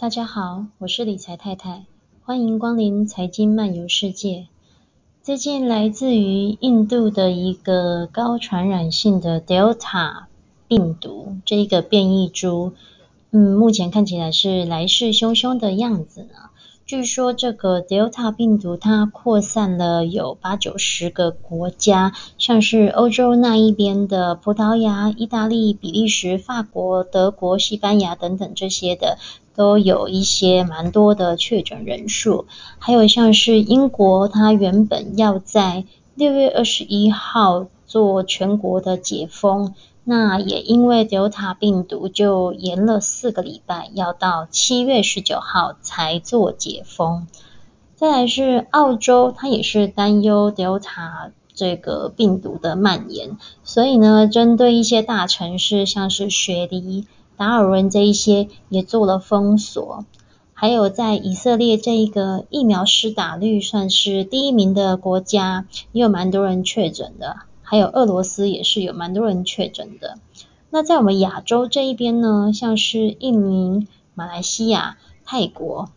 大家好，我是理財太太，歡迎光臨財經漫遊世界。最近來自於印度的一個高傳染性的 Delta 病毒，這一個變異株，嗯，目前看起來是來勢洶洶的樣子呢、啊。據說這個 Delta 病毒它擴散了有八九十個國家，像是歐洲那一邊的葡萄牙、意大利、比利時、法國、德國、西班牙等等這些的，都有一些蠻多的確診人數。還有像是英國，它原本要在六月二十一號。做全國的解封，那也因為 Delta 病毒就延了四個禮拜，要到七月十九號才做解封。再來是澳洲，它也是擔憂 Delta 這個病毒的蔓延，所以呢，針對一些大城市，像是雪梨、達爾文這一些，也做了封鎖。還有在以色列，這一個疫苗施打率算是第一名的國家，也有蠻多人確診的。還有俄羅斯也是有蠻多人確診的。那在我們亞洲這一邊呢，像是印尼、馬來西亞、泰國，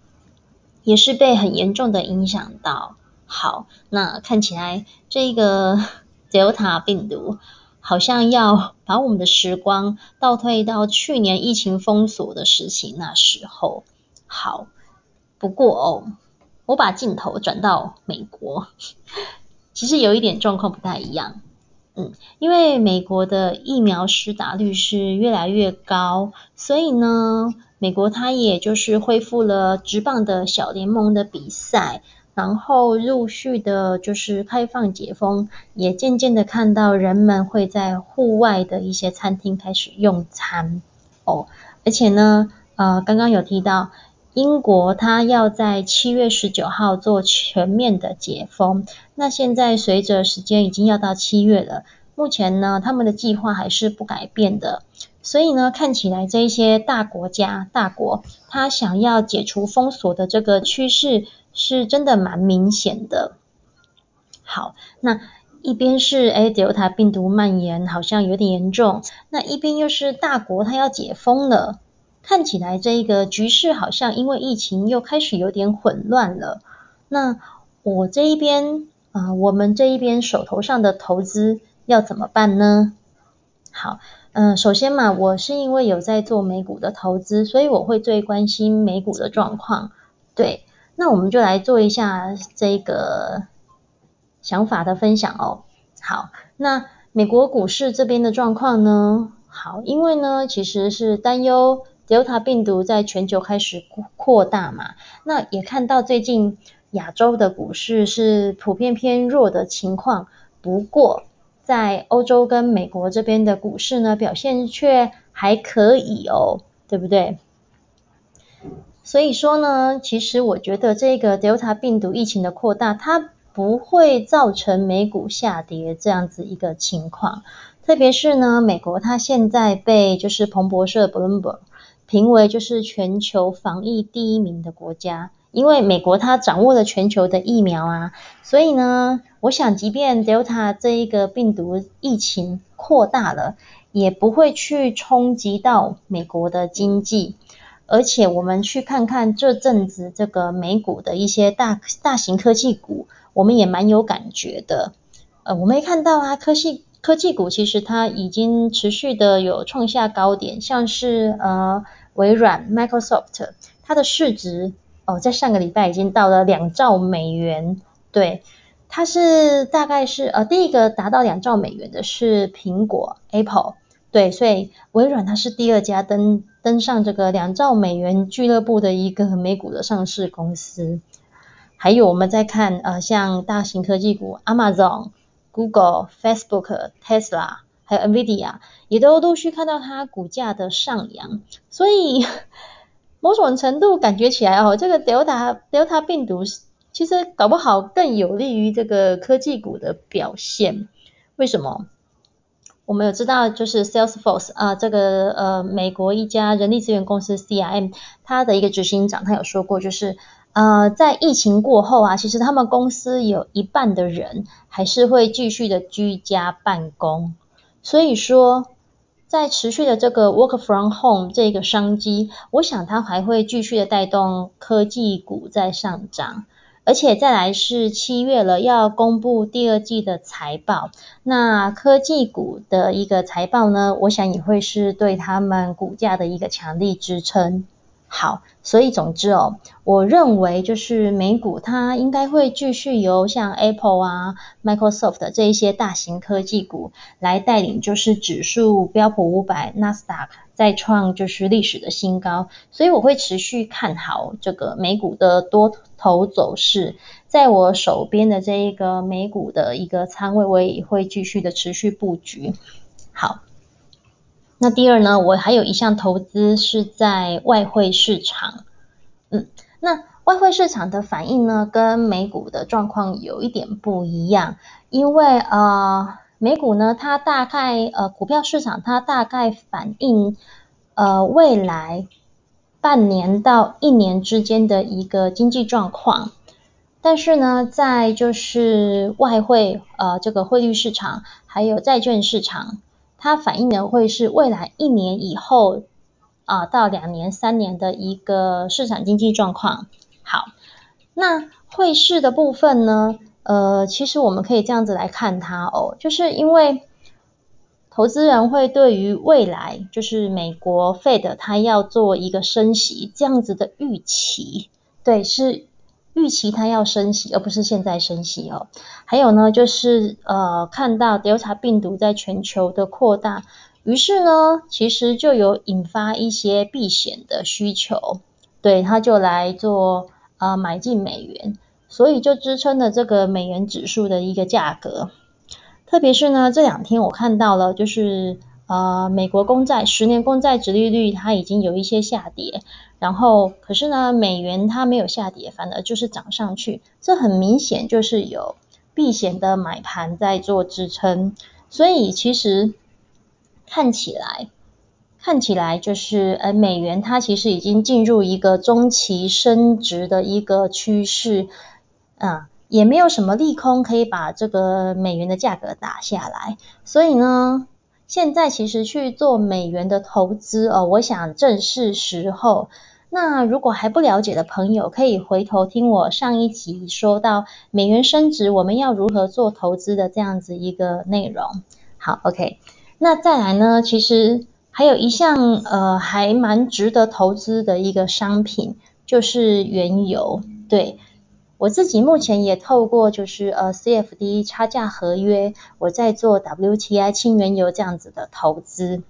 也是被很嚴重的影響到。好，那看起來這個 Delta 病毒好像要把我們的時光倒退到去年疫情封鎖的時期那時候。好，不過哦，我把鏡頭轉到美國，其實有一點狀況不太一樣。嗯，因為美國的疫苗施打率是越來越高，所以呢，美國它也就是恢復了職棒的小聯盟的比賽，然後陸續的就是開放解封，也漸漸的看到人們會在戶外的一些餐廳開始用餐哦，而且呢，呃，剛剛有提到。英國它要在七月十九號做全面的解封，那現在隨着時間已經要到七月了，目前呢，他們的計劃還是不改變的，所以呢，看起來這些大國家大國，他想要解除封鎖的這個趨勢是真的蠻明顯的。好，那一邊是欸，Delta 病毒蔓延好像有點嚴重，那一邊又是大國他要解封了。看起來這個局勢好像因為疫情又開始有點混亂了。那我這一邊啊、呃，我們這一邊手頭上的投資要怎麼辦呢？好，嗯、呃，首先嘛，我是因為有在做美股的投資，所以我會最關心美股的狀況。對，那我們就來做一下這個想法的分享哦。好，那美國股市這邊的狀況呢？好，因為呢，其實是擔憂。Delta 病毒在全球開始擴大嘛，那也看到最近亞洲的股市是普遍偏弱的情況，不過在歐洲跟美國這邊的股市呢，表現卻還可以哦，對不對？所以說呢，其實我覺得這個 Delta 病毒疫情的擴大，它不會造成美股下跌這樣子一個情況，特別是呢，美國它現在被就是彭博社 （Bloomberg）。評為就是全球防疫第一名的國家，因為美國它掌握了全球的疫苗啊，所以呢，我想即便 Delta 這一個病毒疫情擴大了，也不會去衝擊到美國的經濟，而且我們去看看這陣子這個美股的一些大大型科技股，我們也蠻有感覺的，呃，我們也看到啊，科技科技股其實它已經持續的有創下高點，像是呃。微軟 （Microsoft） 它的市值哦，在上個禮拜已經到了兩兆美元。對，它是大概是呃第一個達到兩兆美元的是蘋果 （Apple）。對，所以微軟它是第二家登登上這個兩兆美元俱樂部的一個美股的上市公司。還有我們再看呃像大型科技股 Amazon、Google、Facebook、Tesla。還有 NVIDIA 也都陸續看到它股價的上揚，所以某種程度感覺起來哦，這個 Delta Delta 病毒其實搞不好更有利於這個科技股的表現。為什麼？我們有知道就是 Salesforce 啊、呃，這個呃美國一家人力資源公司 CRM，它的一個執行長他有說過，就是呃在疫情過後啊，其實他們公司有一半的人還是會繼續的居家辦公。所以說，在持續的這個 work from home 這個商機，我想它還會繼續的帶動科技股在上漲。而且再來是七月了，要公布第二季的財報，那科技股的一個財報呢，我想也會是對他們股價的一個強力支撐。好，所以總之哦，我認為就是美股它應該會繼續由像 Apple 啊、Microsoft 這一些大型科技股來帶領，就是指數標普五百、納斯達克再創就是歷史的新高，所以我會持續看好這個美股的多頭走勢，在我手邊的這一個美股的一個倉位，我也會繼續的持續布局。好。那第二呢，我還有一項投資是在外匯市場，嗯，那外匯市場的反應呢，跟美股的狀況有一點不一樣，因為呃，美股呢，它大概呃股票市場它大概反映呃未來半年到一年之間的一個經濟狀況，但是呢，在就是外匯呃這個匯率市場還有債券市場，它反映的會是未來一年以後啊、呃，到兩年、三年的一個市場經濟狀況。好，那匯市的部分呢，呃，其實我們可以這樣子來看它哦，就是因為投資人會對於未來就是美國 Fed 它要做一個升息這樣子的預期，對，是。預期它要升息，而不是現在升息哦。還有呢，就是呃，看到 Delta 病毒在全球的擴大，於是呢，其實就有引發一些避險的需求，對，他就來做呃買進美元，所以就支撐了這個美元指數的一個價格。特別是呢，這兩天我看到了，就是。呃，美國公債十年公債殖利率它已經有一些下跌，然後可是呢，美元它沒有下跌，反而就是漲上去，這很明顯就是有避險的買盤在做支撐，所以其實看起來看起來就是、呃，美元它其實已經進入一個中期升值的一個趨勢，嗯、呃，也沒有什麼利空可以把這個美元的價格打下來，所以呢。現在其實去做美元的投資哦，我想正是時候。那如果還不了解的朋友，可以回頭聽我上一集說到美元升值，我們要如何做投資的這樣子一個內容。好，OK。那再來呢，其實還有一項呃，還蠻值得投資的一個商品就是原油，對。我自己目前也透過就是呃 CFD 差價合約，我在做 WTI 輕原油這樣子的投資。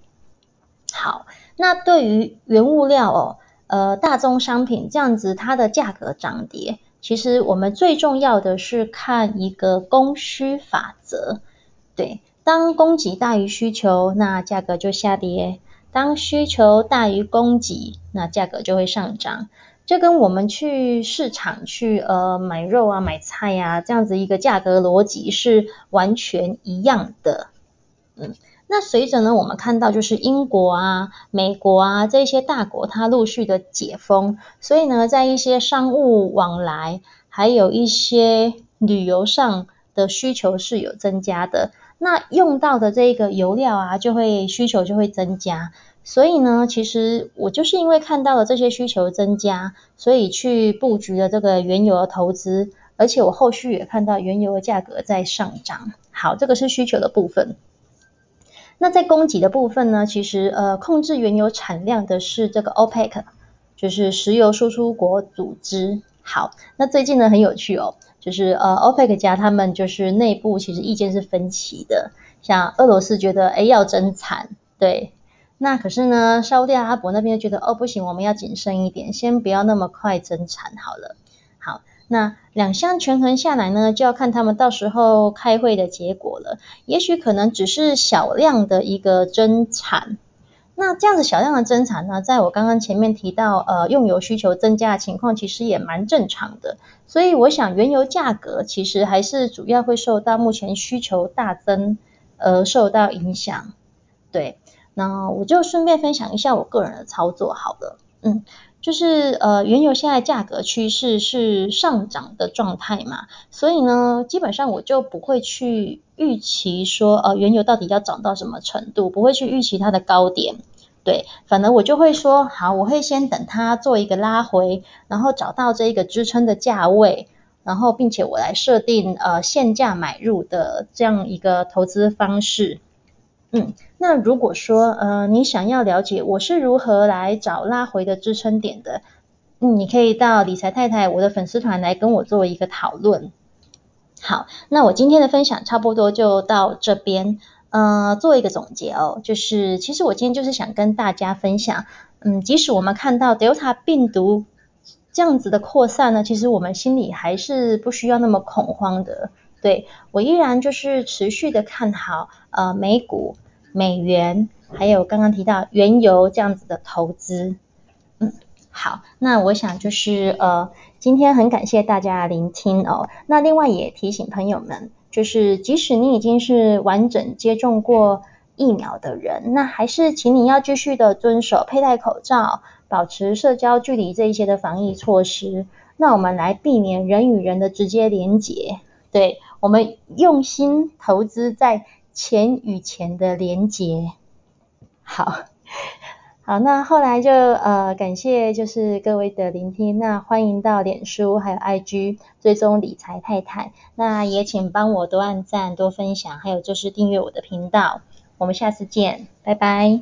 好，那對於原物料哦，呃大宗商品這樣子它的價格漲跌，其實我們最重要的是看一個供需法則。對，當供給大於需求，那價格就下跌；當需求大於供給，那價格就會上漲。這跟我們去市場去，呃，買肉啊、買菜啊，這樣子一個價格邏輯是完全一樣的，嗯，那隨着呢，我們看到就是英國啊、美國啊這些大國它陸續的解封，所以呢，在一些商務往來，還有一些旅遊上，的需求是有增加的，那用到的這個油料啊，就會需求就會增加，所以呢，其實我就是因為看到了這些需求增加，所以去布局了這個原油的投資，而且我後續也看到原油的價格在上漲。好，這個是需求的部分。那在供給的部分呢，其實呃，控制原油產量的是這個 OPEC，就是石油輸出國組織。好，那最近呢，很有趣哦。就是呃，OPEC 加他們就是內部其實意見是分歧的，像俄羅斯覺得哎要增產，對，那可是呢，沙烏地阿拉伯那邊又覺得哦，不行，我們要謹慎一點，先不要那麼快增產好了。好，那兩相權衡下來呢，就要看他們到時候開會的結果了。也許可能只是小量的一個增產。那這樣子小量的增產呢，在我剛剛前面提到，呃，用油需求增加的情況，其實也蠻正常的。所以我想，原油價格其實還是主要會受到目前需求大增而，呃，受到影響。對，那我就順便分享一下我個人的操作好了，嗯。就是呃，原油現在價格趨勢是上漲的狀態嘛，所以呢，基本上我就不會去預期說呃，原油到底要漲到什麼程度，不會去預期它的高點，對，反正我就會說，好，我會先等它做一個拉回，然後找到這一個支撐的價位，然後並且我來設定呃限價買入的這樣一個投資方式。嗯，那如果說呃，你想要了解我是如何來找拉回的支撐點的，嗯，你可以到理財太太我的粉絲團來跟我做一個討論。好，那我今天的分享差不多就到這邊。呃，做一個總結哦，就是其實我今天就是想跟大家分享，嗯，即使我們看到 Delta 病毒這樣子的擴散呢，其實我們心裡還是不需要那麼恐慌的。對，我依然就是持續的看好，呃，美股。美元，還有剛剛提到原油這樣子的投資，嗯，好，那我想就是呃，今天很感謝大家聆聽哦。那另外也提醒朋友們，就是即使你已經是完整接種過疫苗的人，那還是請你要繼續的遵守佩戴口罩、保持社交距離這一些的防疫措施。那我們來避免人與人的直接連接，對，我們用心投資在。錢與錢的連結，好好。那後來就呃，感謝就是各位的聆聽，那歡迎到臉書還有 IG，追蹤理財太太。那也請幫我多按讚、多分享，還有就是訂閱我的頻道。我們下次見，拜拜。